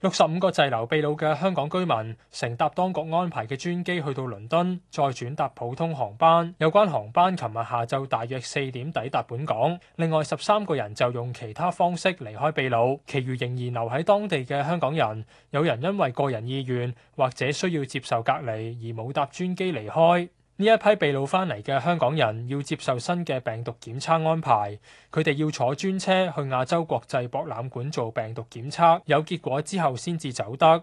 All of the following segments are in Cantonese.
六十五個滯留秘魯嘅香港居民，乘搭當局安排嘅專機去到倫敦，再轉搭普通航班。有關航班琴日下晝大約四點抵達本港。另外十三個人就用其他方式離開秘魯，其餘仍然留喺當地嘅香港人，有人因為個人意願或者需要接受隔離而冇搭專機離開。呢一批秘魯翻嚟嘅香港人要接受新嘅病毒檢測安排，佢哋要坐專車去亞洲國際博覽館做病毒檢測，有結果之後先至走得。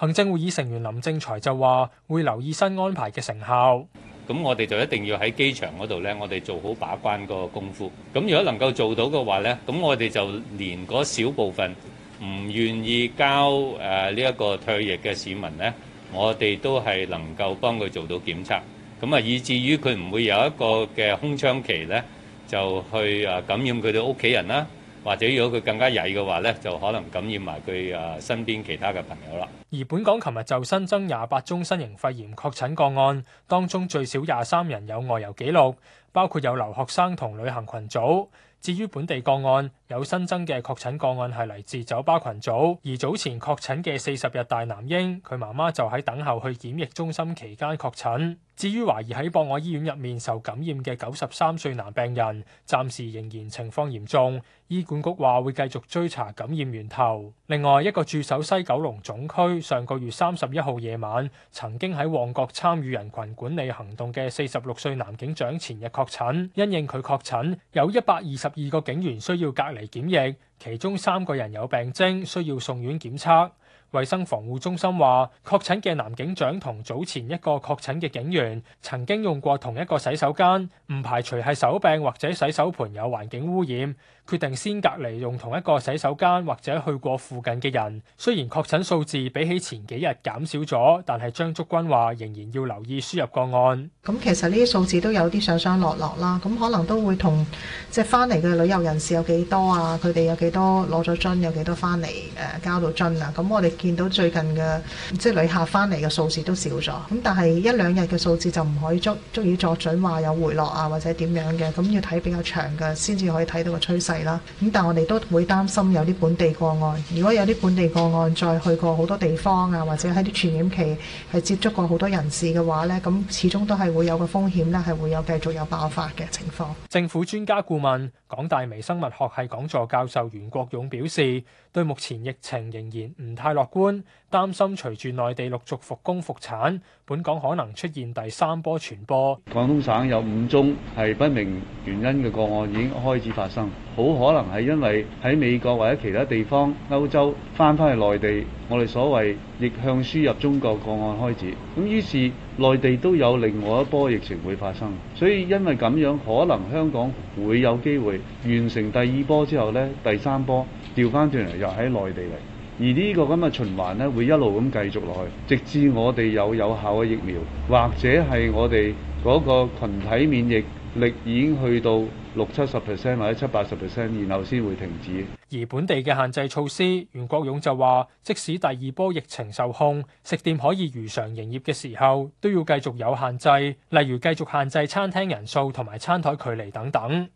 行政會議成員林正財就話，會留意新安排嘅成效。咁我哋就一定要喺機場嗰度咧，我哋做好把關嗰個功夫。咁如果能夠做到嘅話咧，咁我哋就連嗰少部分唔願意交誒呢一個退役嘅市民咧，我哋都係能夠幫佢做到檢測。咁啊，以至於佢唔會有一個嘅空窗期咧，就去誒感染佢哋屋企人啦。或者如果佢更加曳嘅話，咧，就可能感染埋佢啊身邊其他嘅朋友啦。而本港琴日就新增廿八宗新型肺炎確診個案，當中最少廿三人有外遊記錄，包括有留學生同旅行群組。至於本地個案，有新增嘅確診個案係嚟自酒吧群組，而早前確診嘅四十日大男嬰，佢媽媽就喺等候去檢疫中心期間確診。至於懷疑喺博愛醫院入面受感染嘅九十三歲男病人，暫時仍然情況嚴重。醫管局話會繼續追查感染源頭。另外一個駐守西九龍總區上個月三十一號夜晚曾經喺旺角參與人群管理行動嘅四十六歲男警長，前日確診。因應佢確診，有一百二十二個警員需要隔離。嚟檢疫，其中三個人有病徵，需要送院檢測。衛生防護中心話，確診嘅男警長同早前一個確診嘅警員曾經用過同一個洗手間，唔排除係手柄或者洗手盆有環境污染，決定先隔離用同一個洗手間或者去過附近嘅人。雖然確診數字比起前幾日減少咗，但係張竹君話仍然要留意輸入個案。咁其實呢啲數字都有啲上上落落啦，咁可能都會同即係翻嚟嘅旅遊人士有幾多啊？佢哋有幾多攞咗樽，有幾多翻嚟誒交到樽啊？咁我哋。見到最近嘅即係旅客翻嚟嘅數字都少咗，咁但係一兩日嘅數字就唔可以足足以作準話有回落啊或者點樣嘅，咁要睇比較長嘅先至可以睇到個趨勢啦。咁但係我哋都會擔心有啲本地個案，如果有啲本地個案再去過好多地方啊，或者喺啲傳染期係接觸過好多人士嘅話呢，咁始終都係會有個風險呢，係會有繼續有爆發嘅情況。政府專家顧問、港大微生物學系講座教授袁國勇表示，對目前疫情仍然唔太樂官，擔心，隨住內地陸續復工復產，本港可能出現第三波傳播。廣東省有五宗係不明原因嘅個案已經開始發生，好可能係因為喺美國或者其他地方、歐洲翻返去內地，我哋所謂逆向輸入中國個案開始。咁於是內地都有另外一波疫情會發生，所以因為咁樣可能香港會有機會完成第二波之後咧，第三波調翻轉嚟又喺內地嚟。而呢個咁嘅循環咧，會一路咁繼續落去，直至我哋有有效嘅疫苗，或者係我哋嗰個群體免疫力已經去到六七十 percent 或者七八十 percent，然後先會停止。而本地嘅限制措施，袁國勇就話：即使第二波疫情受控，食店可以如常營業嘅時候，都要繼續有限制，例如繼續限制餐廳人數同埋餐台距離等等。